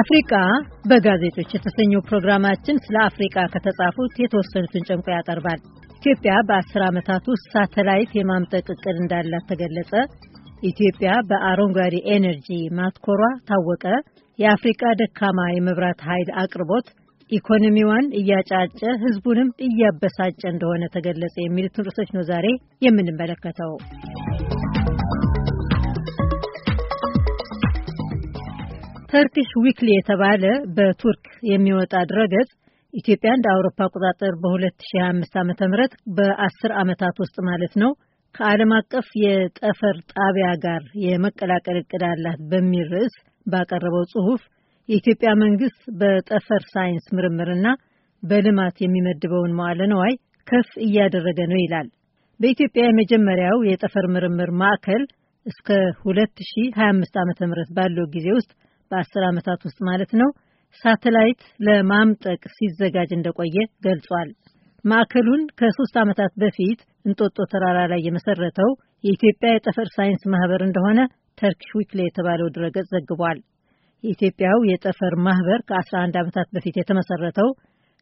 አፍሪቃ በጋዜጦች የተሰኘው ፕሮግራማችን ስለ አፍሪቃ ከተጻፉት የተወሰኑትን ጨምቆ ያቀርባል። ኢትዮጵያ በአስር ዓመታት ውስጥ ሳተላይት የማምጠቅ እቅድ እንዳላት ተገለጸ፣ ኢትዮጵያ በአረንጓዴ ኤነርጂ ማትኮሯ ታወቀ፣ የአፍሪቃ ደካማ የመብራት ኃይል አቅርቦት ኢኮኖሚዋን እያጫጨ ህዝቡንም እያበሳጨ እንደሆነ ተገለጸ የሚሉትን ርዕሶች ነው ዛሬ የምንመለከተው። ተርኪሽ ዊክሊ የተባለ በቱርክ የሚወጣ ድረገጽ ኢትዮጵያ እንደ አውሮፓ አቆጣጠር በ2025 ዓ ም በ10 ዓመታት ውስጥ ማለት ነው ከዓለም አቀፍ የጠፈር ጣቢያ ጋር የመቀላቀል እቅድ አላት በሚል ርዕስ ባቀረበው ጽሑፍ የኢትዮጵያ መንግስት በጠፈር ሳይንስ ምርምርና በልማት የሚመድበውን መዋለ ነዋይ ከፍ እያደረገ ነው ይላል። በኢትዮጵያ የመጀመሪያው የጠፈር ምርምር ማዕከል እስከ 2025 ዓ ም ባለው ጊዜ ውስጥ በአስር ዓመታት ውስጥ ማለት ነው ሳተላይት ለማምጠቅ ሲዘጋጅ እንደቆየ ገልጿል። ማዕከሉን ከሶስት ዓመታት በፊት እንጦጦ ተራራ ላይ የመሰረተው የኢትዮጵያ የጠፈር ሳይንስ ማህበር እንደሆነ ተርኪሽ ዊክሊ የተባለው ድረገጽ ዘግቧል። የኢትዮጵያው የጠፈር ማህበር ከ11 ዓመታት በፊት የተመሰረተው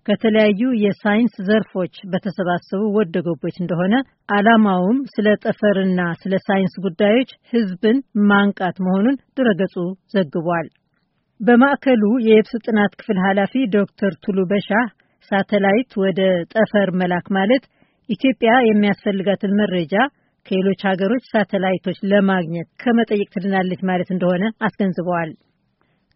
ከተለያዩ የሳይንስ ዘርፎች በተሰባሰቡ ወደ እንደሆነ ዓላማውም ስለ ጠፈርና ስለ ሳይንስ ጉዳዮች ህዝብን ማንቃት መሆኑን ድረገጹ ዘግቧል። በማዕከሉ የየብስ ጥናት ክፍል ኃላፊ ዶክተር ቱሉ በሻ ሳተላይት ወደ ጠፈር መላክ ማለት ኢትዮጵያ የሚያስፈልጋትን መረጃ ከሌሎች ሀገሮች ሳተላይቶች ለማግኘት ከመጠየቅ ትድናለች ማለት እንደሆነ አስገንዝበዋል።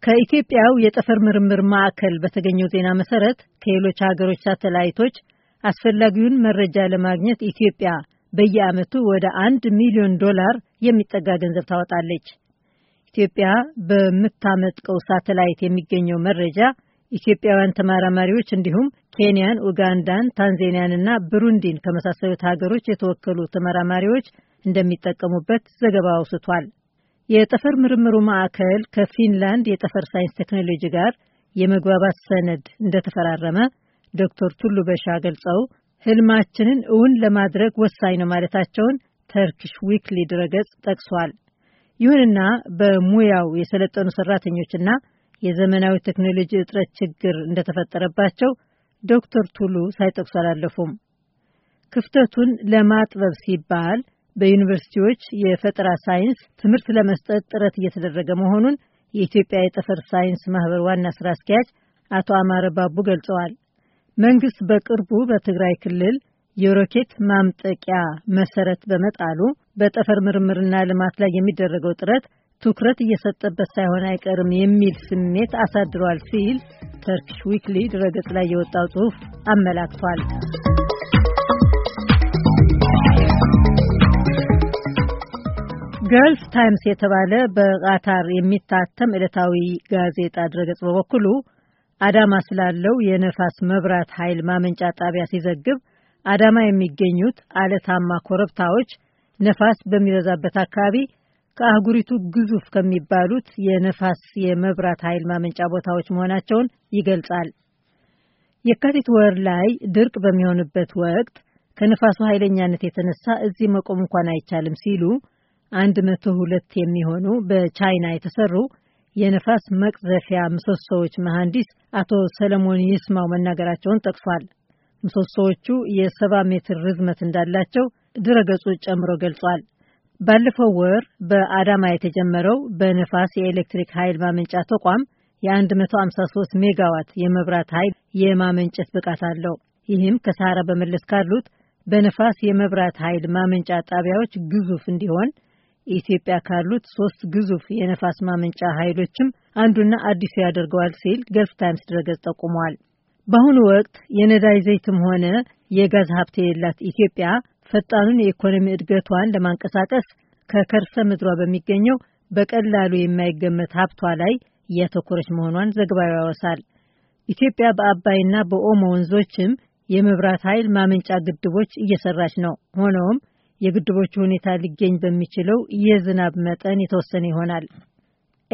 ከኢትዮጵያው የጠፈር ምርምር ማዕከል በተገኘው ዜና መሰረት ከሌሎች ሀገሮች ሳተላይቶች አስፈላጊውን መረጃ ለማግኘት ኢትዮጵያ በየዓመቱ ወደ አንድ ሚሊዮን ዶላር የሚጠጋ ገንዘብ ታወጣለች። ኢትዮጵያ በምታመጥቀው ሳተላይት የሚገኘው መረጃ ኢትዮጵያውያን ተመራማሪዎች እንዲሁም ኬንያን፣ ኡጋንዳን፣ ታንዛኒያንና ብሩንዲን ከመሳሰሉት ሀገሮች የተወከሉ ተመራማሪዎች እንደሚጠቀሙበት ዘገባ አውስቷል። የጠፈር ምርምሩ ማዕከል ከፊንላንድ የጠፈር ሳይንስ ቴክኖሎጂ ጋር የመግባባት ሰነድ እንደተፈራረመ ዶክተር ቱሉ በሻ ገልጸው ህልማችንን እውን ለማድረግ ወሳኝ ነው ማለታቸውን ተርኪሽ ዊክሊ ድረገጽ ጠቅሷል። ይሁንና በሙያው የሰለጠኑ ሰራተኞችና የዘመናዊ ቴክኖሎጂ እጥረት ችግር እንደተፈጠረባቸው ዶክተር ቱሉ ሳይጠቅሱ አላለፉም። ክፍተቱን ለማጥበብ ሲባል በዩኒቨርሲቲዎች የፈጠራ ሳይንስ ትምህርት ለመስጠት ጥረት እየተደረገ መሆኑን የኢትዮጵያ የጠፈር ሳይንስ ማህበር ዋና ስራ አስኪያጅ አቶ አማረ ባቡ ገልጸዋል። መንግስት በቅርቡ በትግራይ ክልል የሮኬት ማምጠቂያ መሰረት በመጣሉ በጠፈር ምርምርና ልማት ላይ የሚደረገው ጥረት ትኩረት እየሰጠበት ሳይሆን አይቀርም የሚል ስሜት አሳድሯል ሲል ተርኪሽ ዊክሊ ድረገጽ ላይ የወጣው ጽሑፍ አመላክቷል። ገልፍ ታይምስ የተባለ በቃታር የሚታተም ዕለታዊ ጋዜጣ ድረገጽ በበኩሉ አዳማ ስላለው የነፋስ መብራት ኃይል ማመንጫ ጣቢያ ሲዘግብ አዳማ የሚገኙት አለታማ ኮረብታዎች ነፋስ በሚበዛበት አካባቢ ከአህጉሪቱ ግዙፍ ከሚባሉት የነፋስ የመብራት ኃይል ማመንጫ ቦታዎች መሆናቸውን ይገልጻል። የካቲት ወር ላይ ድርቅ በሚሆንበት ወቅት ከነፋሱ ኃይለኛነት የተነሳ እዚህ መቆም እንኳን አይቻልም ሲሉ 102 የሚሆኑ በቻይና የተሰሩ የነፋስ መቅዘፊያ ምሰሶዎች መሐንዲስ አቶ ሰለሞን ይስማው መናገራቸውን ጠቅሷል። ምሰሶዎቹ የ70 ሜትር ርዝመት እንዳላቸው ድረገጹ ጨምሮ ገልጿል። ባለፈው ወር በአዳማ የተጀመረው በነፋስ የኤሌክትሪክ ኃይል ማመንጫ ተቋም የ153 ሜጋዋት የመብራት ኃይል የማመንጨት ብቃት አለው። ይህም ከሰሃራ በመለስ ካሉት በነፋስ የመብራት ኃይል ማመንጫ ጣቢያዎች ግዙፍ እንዲሆን ኢትዮጵያ ካሉት ሶስት ግዙፍ የነፋስ ማመንጫ ኃይሎችም አንዱና አዲሱ ያደርገዋል ሲል ገልፍ ታይምስ ድረገጽ ጠቁሟል። በአሁኑ ወቅት የነዳጅ ዘይትም ሆነ የጋዝ ሀብት የሌላት ኢትዮጵያ ፈጣኑን የኢኮኖሚ እድገቷን ለማንቀሳቀስ ከከርሰ ምድሯ በሚገኘው በቀላሉ የማይገመት ሀብቷ ላይ እያተኮረች መሆኗን ዘገባው ያወሳል። ኢትዮጵያ በአባይና በኦሞ ወንዞችም የመብራት ኃይል ማመንጫ ግድቦች እየሰራች ነው። ሆኖም የግድቦቹ ሁኔታ ሊገኝ በሚችለው የዝናብ መጠን የተወሰነ ይሆናል።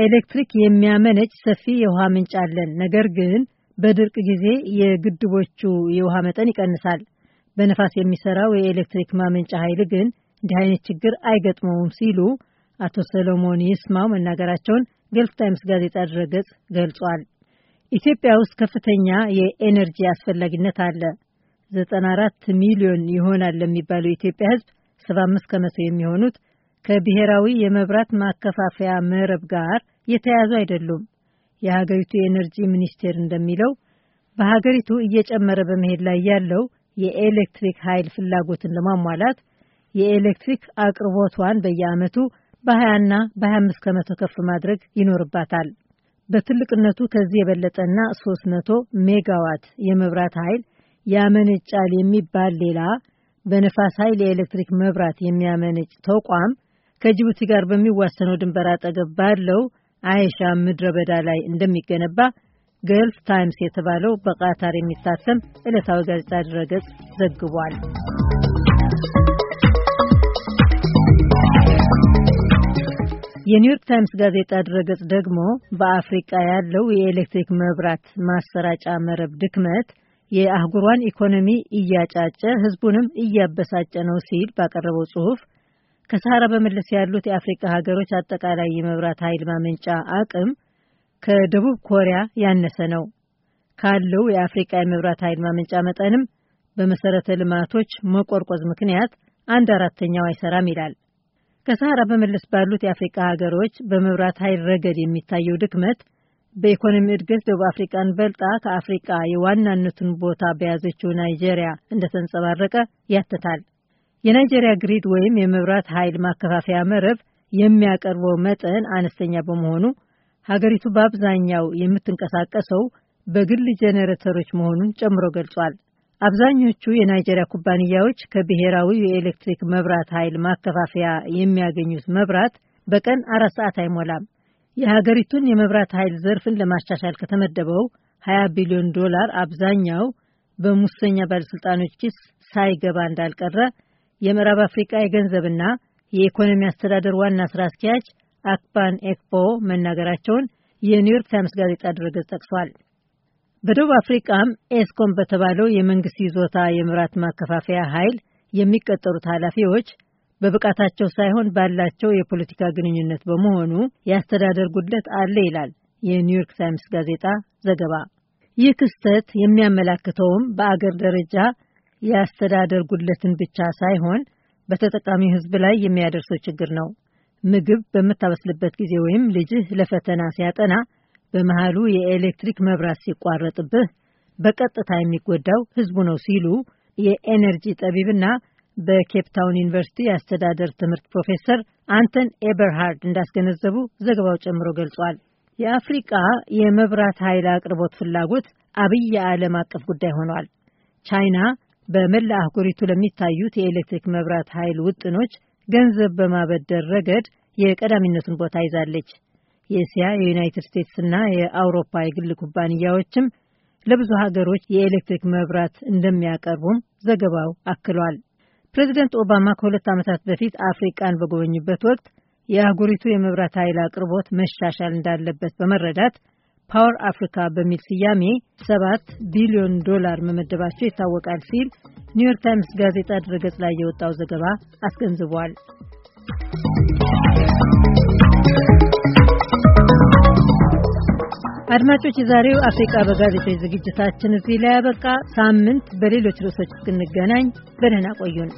ኤሌክትሪክ የሚያመነጭ ሰፊ የውሃ ምንጭ አለን። ነገር ግን በድርቅ ጊዜ የግድቦቹ የውሃ መጠን ይቀንሳል። በነፋስ የሚሰራው የኤሌክትሪክ ማመንጫ ኃይል ግን እንዲህ አይነት ችግር አይገጥመውም ሲሉ አቶ ሰለሞን ይስማው መናገራቸውን ገልፍ ታይምስ ጋዜጣ ድረገጽ ገልጿል። ኢትዮጵያ ውስጥ ከፍተኛ የኤነርጂ አስፈላጊነት አለ። 94 ሚሊዮን ይሆናል ለሚባለው የኢትዮጵያ ሕዝብ 75 ከመቶ የሚሆኑት ከብሔራዊ የመብራት ማከፋፈያ መረብ ጋር የተያያዙ አይደሉም። የሀገሪቱ የኤነርጂ ሚኒስቴር እንደሚለው በሀገሪቱ እየጨመረ በመሄድ ላይ ያለው የኤሌክትሪክ ኃይል ፍላጎትን ለማሟላት የኤሌክትሪክ አቅርቦቷን በየዓመቱ በ20ና በ25 ከመቶ ከፍ ማድረግ ይኖርባታል። በትልቅነቱ ከዚህ የበለጠና 300 ሜጋዋት የመብራት ኃይል ያመነጫል የሚባል ሌላ በነፋስ ኃይል የኤሌክትሪክ መብራት የሚያመነጭ ተቋም ከጅቡቲ ጋር በሚዋሰነው ድንበር አጠገብ ባለው አይሻ ምድረ በዳ ላይ እንደሚገነባ ገልፍ ታይምስ የተባለው በቃታር የሚታተም ዕለታዊ ጋዜጣ ድረገጽ ዘግቧል። የኒውዮርክ ታይምስ ጋዜጣ ድረገጽ ደግሞ በአፍሪቃ ያለው የኤሌክትሪክ መብራት ማሰራጫ መረብ ድክመት የአህጉሯን ኢኮኖሚ እያጫጨ ህዝቡንም እያበሳጨ ነው ሲል ባቀረበው ጽሁፍ ከሰሃራ በመለስ ያሉት የአፍሪካ ሀገሮች አጠቃላይ የመብራት ኃይል ማመንጫ አቅም ከደቡብ ኮሪያ ያነሰ ነው ካለው የአፍሪካ የመብራት ኃይል ማመንጫ መጠንም በመሰረተ ልማቶች መቆርቆዝ ምክንያት አንድ አራተኛው አይሰራም ይላል። ከሰሃራ በመለስ ባሉት የአፍሪካ ሀገሮች በመብራት ኃይል ረገድ የሚታየው ድክመት በኢኮኖሚ እድገት ደቡብ አፍሪቃን በልጣ ከአፍሪቃ የዋናነቱን ቦታ በያዘችው ናይጄሪያ እንደተንጸባረቀ ያትታል። የናይጄሪያ ግሪድ ወይም የመብራት ኃይል ማከፋፈያ መረብ የሚያቀርበው መጠን አነስተኛ በመሆኑ ሀገሪቱ በአብዛኛው የምትንቀሳቀሰው በግል ጄኔሬተሮች መሆኑን ጨምሮ ገልጿል። አብዛኞቹ የናይጄሪያ ኩባንያዎች ከብሔራዊ የኤሌክትሪክ መብራት ኃይል ማከፋፈያ የሚያገኙት መብራት በቀን አራት ሰዓት አይሞላም። የሀገሪቱን የመብራት ኃይል ዘርፍን ለማሻሻል ከተመደበው 20 ቢሊዮን ዶላር አብዛኛው በሙሰኛ ባለሥልጣኖች ኪስ ሳይገባ እንዳልቀረ የምዕራብ አፍሪቃ የገንዘብና የኢኮኖሚ አስተዳደር ዋና ስራ አስኪያጅ አክፓን ኤክፖ መናገራቸውን የኒውዮርክ ታይምስ ጋዜጣ ድረገጽ ጠቅሷል። በደቡብ አፍሪቃም ኤስኮም በተባለው የመንግስት ይዞታ የመብራት ማከፋፈያ ኃይል የሚቀጠሩት ኃላፊዎች በብቃታቸው ሳይሆን ባላቸው የፖለቲካ ግንኙነት በመሆኑ የአስተዳደር ጉድለት አለ ይላል የኒውዮርክ ታይምስ ጋዜጣ ዘገባ። ይህ ክስተት የሚያመላክተውም በአገር ደረጃ የአስተዳደር ጉድለትን ብቻ ሳይሆን በተጠቃሚው ሕዝብ ላይ የሚያደርሰው ችግር ነው። ምግብ በምታበስልበት ጊዜ ወይም ልጅህ ለፈተና ሲያጠና በመሃሉ የኤሌክትሪክ መብራት ሲቋረጥብህ በቀጥታ የሚጎዳው ሕዝቡ ነው ሲሉ የኤነርጂ ጠቢብና በኬፕታውን ዩኒቨርሲቲ የአስተዳደር ትምህርት ፕሮፌሰር አንተን ኤበርሃርድ እንዳስገነዘቡ ዘገባው ጨምሮ ገልጿል። የአፍሪቃ የመብራት ኃይል አቅርቦት ፍላጎት አብይ የዓለም አቀፍ ጉዳይ ሆኗል። ቻይና በመላ አህጉሪቱ ለሚታዩት የኤሌክትሪክ መብራት ኃይል ውጥኖች ገንዘብ በማበደር ረገድ የቀዳሚነቱን ቦታ ይዛለች። የእስያ የዩናይትድ ስቴትስና የአውሮፓ የግል ኩባንያዎችም ለብዙ ሀገሮች የኤሌክትሪክ መብራት እንደሚያቀርቡም ዘገባው አክሏል። ፕሬዚደንት ኦባማ ከሁለት ዓመታት በፊት አፍሪቃን በጎበኙበት ወቅት የአህጉሪቱ የመብራት ኃይል አቅርቦት መሻሻል እንዳለበት በመረዳት ፓወር አፍሪካ በሚል ስያሜ ሰባት ቢሊዮን ዶላር መመደባቸው ይታወቃል ሲል ኒውዮርክ ታይምስ ጋዜጣ ድረገጽ ላይ የወጣው ዘገባ አስገንዝቧል። አድማጮች፣ የዛሬው አፍሪካ በጋዜጦች ዝግጅታችን እዚህ ላይ ያበቃ። ሳምንት በሌሎች ርዕሶች እስክንገናኝ በደህና ቆዩን።